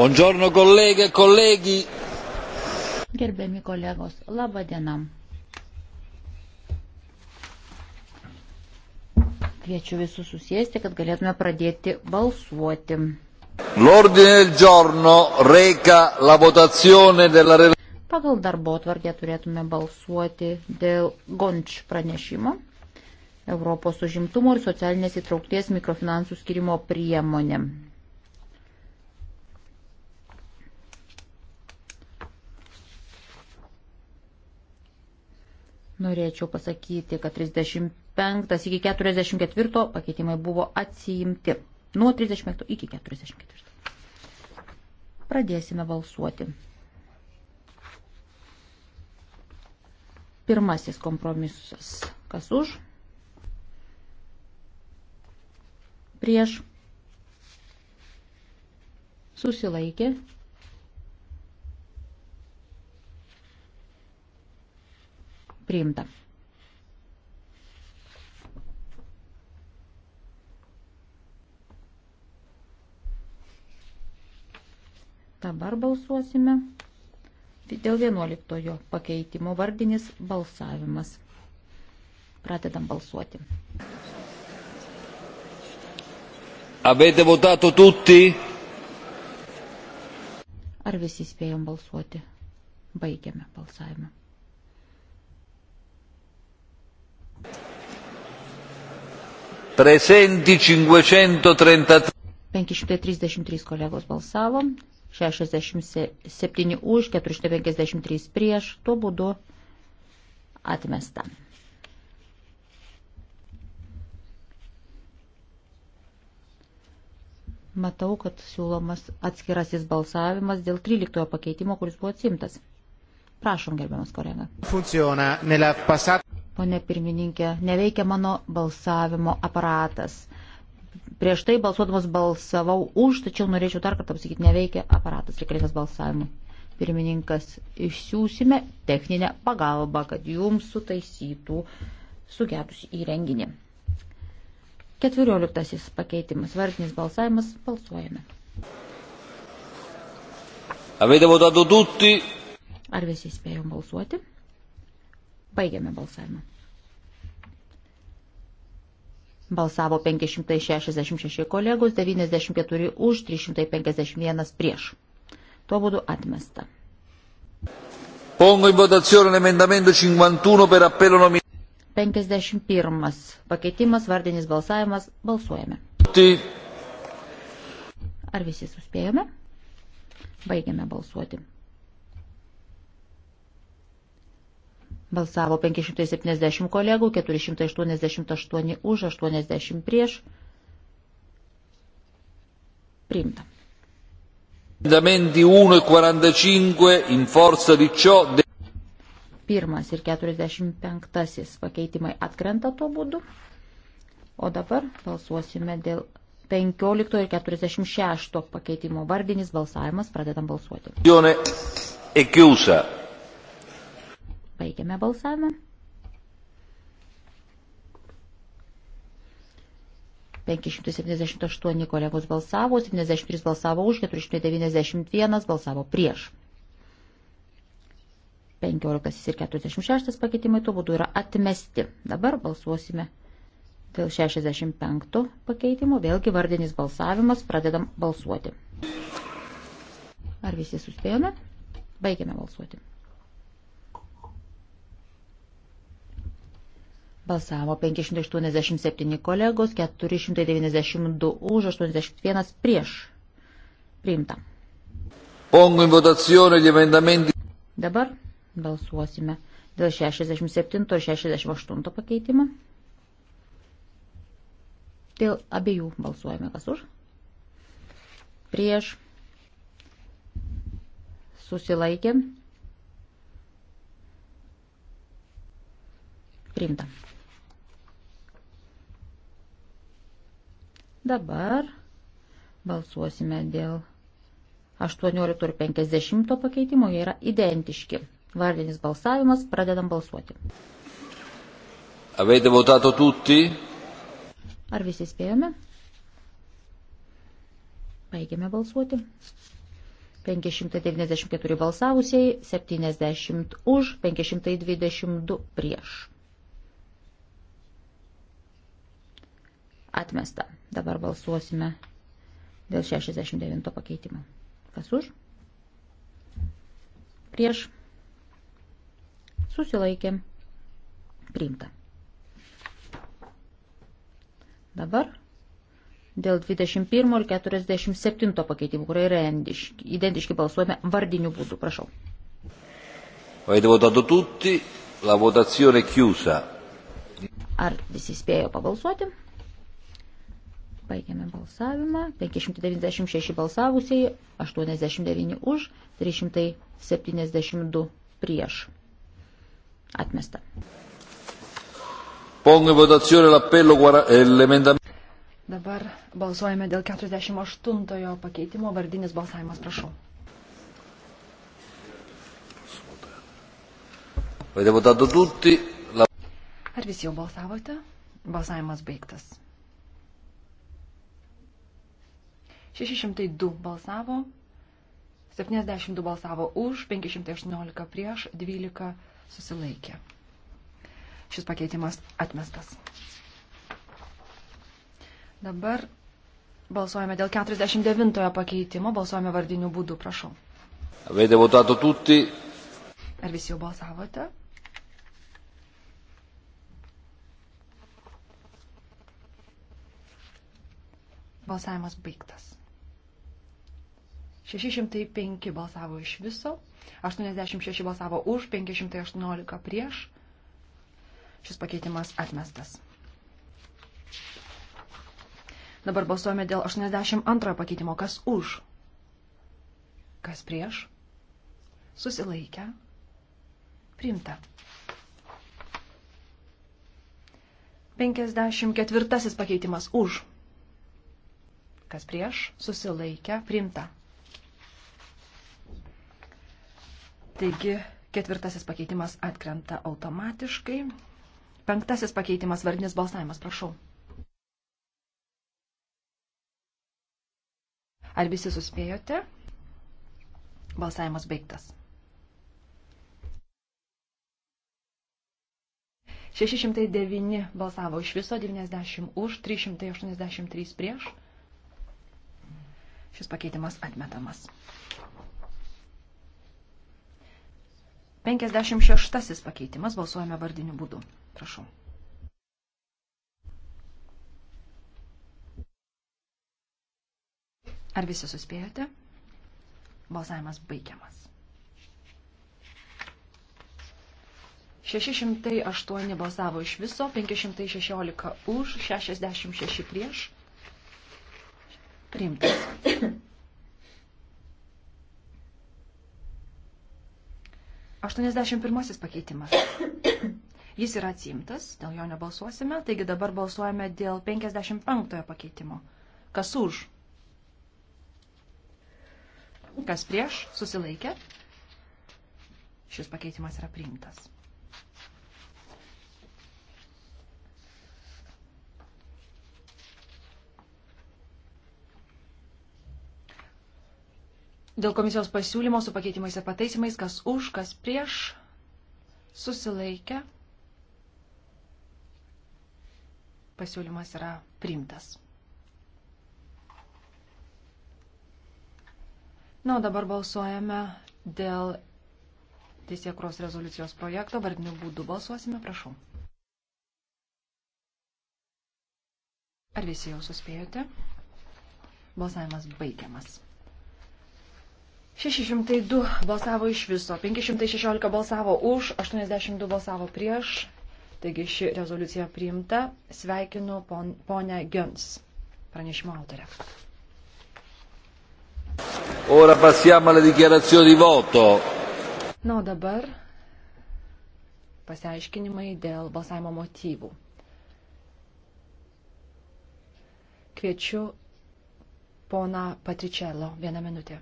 Buongiorno kolegė, kolegi. E Gerbiami kolegos, laba diena. Kviečiu visus susėsti, kad galėtume pradėti balsuoti. L'ordine del giorno reca la votazione della Pagal darbo tvarkę turėtume balsuoti dėl Gonč pranešimo Europos užimtumo ir socialinės įtraukties mikrofinansų skirimo priemonė. Norėčiau pasakyti, kad 35 iki 44 pakeitimai buvo atsiimti. Nuo 35 iki 44. Pradėsime balsuoti. Pirmasis kompromisas. Kas už? Prieš. Susilaikė. priimta. Dabar balsuosime dėl 11 pakeitimo vardinis balsavimas. Pradedam balsuoti. Avete votato tutti? Ar visi spėjom balsuoti? Baigiame balsavimą. Presenti 533. 533 kolegos balsavo, 67 už, 453 prieš, tuo būdu atmesta. Matau, kad siūlomas atskirasis balsavimas dėl 13 pakeitimo, kuris buvo atsimtas. Prašom, gerbiamas kolega. Funciona nella passata. Pone pirmininkė, neveikia mano balsavimo aparatas. Prieš tai balsuodamas balsavau už, tačiau norėčiau dar kartą pasakyti, neveikia aparatas reikalingas balsavimui. Pirmininkas, išsiųsime techninę pagalbą, kad jums sutaisytų sugedus įrenginį. Ketvirioliktasis pakeitimas, vardinis balsavimas, balsuojame. Avete votato tutti? Ar visi spėjom balsuoti? Baigiame balsavimą. Balsavo 566 kolegos, 94 už, 351 prieš. Tuo būdu atmesta. Pongo in votazione l'emendamento 51 per appello nominale. 51. Pakeitimas, vardinis balsavimas. Balsuojame. Ar visi suspėjome? Baigiame balsuoti. Balsavo 570 kolegų, 488 už, 80 prieš. Priimta. Emendamenti 1 e 45 in forza di ciò. De... Pirmas ir 45 pakeitimai atkrenta tuo būdu. O dabar balsuosime dėl 15 ir 46 pakeitimo vardinis balsavimas. Pradedam balsuoti. E chiusa. Baigiame balsavimą. 578 kolegos balsavo, 73 balsavo už, 491 balsavo prieš. 15 ir 46 pakeitimai tuo būdu yra atmesti. Dabar balsuosime dėl 65 pakeitimo. Vėlgi vardinis balsavimas, pradedam balsuoti. Ar visi suspėjome? Baigiame balsuoti. Balsavo 587 kolegos, 492 už, 81 prieš. Priimta. Pongo in votazione gli emendamenti. Dabar balsuosime dėl 67 ir 68 pakeitimo. Dėl abiejų balsuojame kas už. Prieš. Susilaikėm. Priimta. Dabar balsuosime dėl 18 ir 50 pakeitimo, jie yra identiški. Vardinis balsavimas, pradedam balsuoti. Avete votato tutti? Ar visi spėjome? Baigėme balsuoti. 594 balsavusiai, 70 už, 522 prieš. Atmesta. Dabar balsuosime dėl 69 pakeitimo. Kas už? Prieš. Susilaikė. Priimta. Dabar dėl 21 ir 47 pakeitimų, kurie yra identiški balsuojame vardiniu būdu. Prašau. Avete votato tutti, la votazione chiusa. Ar visi spėjo pabalsuoti? Baigiame balsavimą. 596 balsavusiai, 89 už, 372 prieš. Atmesta. Pongo votazione l'appello eh, l'emendamento. Dabar balsuojame dėl 48 pakeitimo. Vardinis balsavimas, prašau. Ar visi jau balsavote? Balsavimas baigtas. 602 balsavo, 72 balsavo už, 518 prieš, 12 susilaikė. Šis pakeitimas atmestas. Dabar balsuojame dėl 49 pakeitimo, balsuojame vardiniu būdu, prašau. Avete votato tutti? Ar visi jau balsavote? Balsavimas baigtas. 605 balsavo iš viso, 86 balsavo už, 518 prieš. Šis pakeitimas atmestas. Dabar balsuojame dėl 82 pakeitimo. Kas už? Kas prieš? Susilaikę. Primta. 54 pakeitimas už. Kas prieš? Susilaikę. Primta. Taigi ketvirtasis pakeitimas atkrenta automatiškai. Penktasis pakeitimas vardinis balsavimas, prašau. Ar visi suspėjote? Balsavimas baigtas. 609 balsavo iš viso, 90 už, 383 prieš. Šis pakeitimas atmetamas. 56 pakeitimas balsuojame vardiniu būdu. Prašau. Ar visi suspėjote? Balsavimas baigiamas. 608 balsavo iš viso, 516 už, 66 prieš. Priimtas. 81 pakeitimas. Jis yra atsimtas, dėl jo nebalsuosime, taigi dabar balsuojame dėl 55 pakeitimo. Kas už? Kas prieš? Susilaikė? Šis pakeitimas yra priimtas. Dėl komisijos pasiūlymo su pakeitimais ir pataisimais, kas už, kas prieš, susilaikę. Pasiūlymas yra priimtas. Na, o dabar balsuojame dėl teisėkros rezoliucijos projekto. Vardiniu būdu balsuosime, prašau. Ar visi jau suspėjote? Balsavimas baigiamas. 602 balsavo iš viso, 516 balsavo už, 82 balsavo prieš. Taigi ši rezoliucija priimta. Sveikinu pon, ponę Gens, pranešimo autorę. Ora passiamo alle dichiarazioni di voto. Na, o dabar pasiaiškinimai dėl balsavimo motyvų. Kviečiu pona Patričelo vieną minutę.